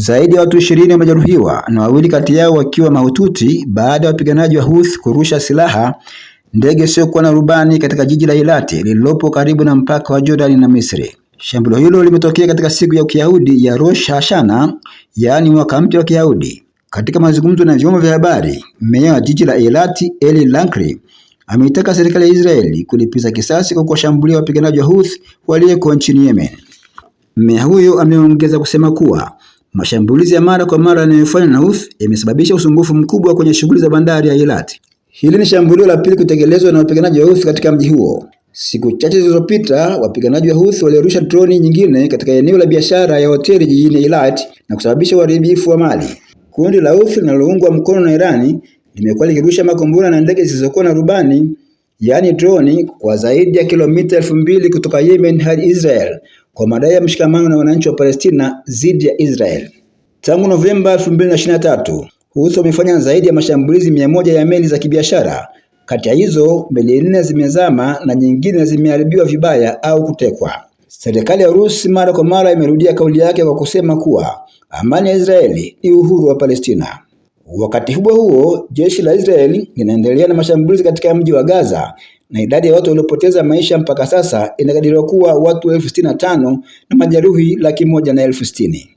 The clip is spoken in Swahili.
Zaidi ya watu ishirini wamejeruhiwa na wawili kati yao wakiwa mahututi baada ya wapiganaji wa Houthi kurusha silaha ndege isiyokuwa na rubani katika jiji la Eilat lililopo karibu na mpaka wa Jordani na Misri. Shambulio hilo limetokea katika siku ya Kiyahudi ya Rosh Hashana, yaani mwaka mpya wa Kiyahudi. Katika mazungumzo na vyombo vya habari, meya wa jiji la Eilat Eli Lankri ameitaka serikali ya Israeli kulipiza kisasi kwa kuwashambulia wapiganaji wa Houthi walioko nchini Yemen. Meya huyo ameongeza kusema kuwa Mashambulizi ya mara kwa mara yanayofanywa na Houthi yamesababisha usumbufu mkubwa kwenye shughuli za bandari ya Eilat. Hili ni shambulio la pili kutekelezwa na wapiganaji wa Houthi katika mji huo. Siku chache zilizopita, wapiganaji wa Houthi waliorusha droni nyingine katika eneo la biashara ya hoteli jijini Eilat na kusababisha uharibifu wa mali. Kundi la Houthi linaloungwa mkono na Irani limekuwa likirusha makombora na ndege zisizokuwa na rubani, yaani droni, kwa zaidi ya kilomita elfu mbili kutoka Yemen hadi Israel, kwa madai ya mshikamano na wananchi wa Palestina dhidi ya Israel. Tangu Novemba 2023, Houthi wamefanya zaidi ya mashambulizi mia moja ya meli za kibiashara. Kati ya hizo meli nne zimezama na nyingine zimeharibiwa vibaya au kutekwa. Serikali ya Urusi mara kwa mara imerudia kauli yake kwa kusema kuwa amani ya Israeli ni uhuru wa Palestina. Wakati huo huo, jeshi la Israeli linaendelea na mashambulizi katika mji wa Gaza na idadi ya watu waliopoteza maisha mpaka sasa inakadiriwa kuwa watu elfu sitini na tano na majeruhi laki moja na elfu sitini.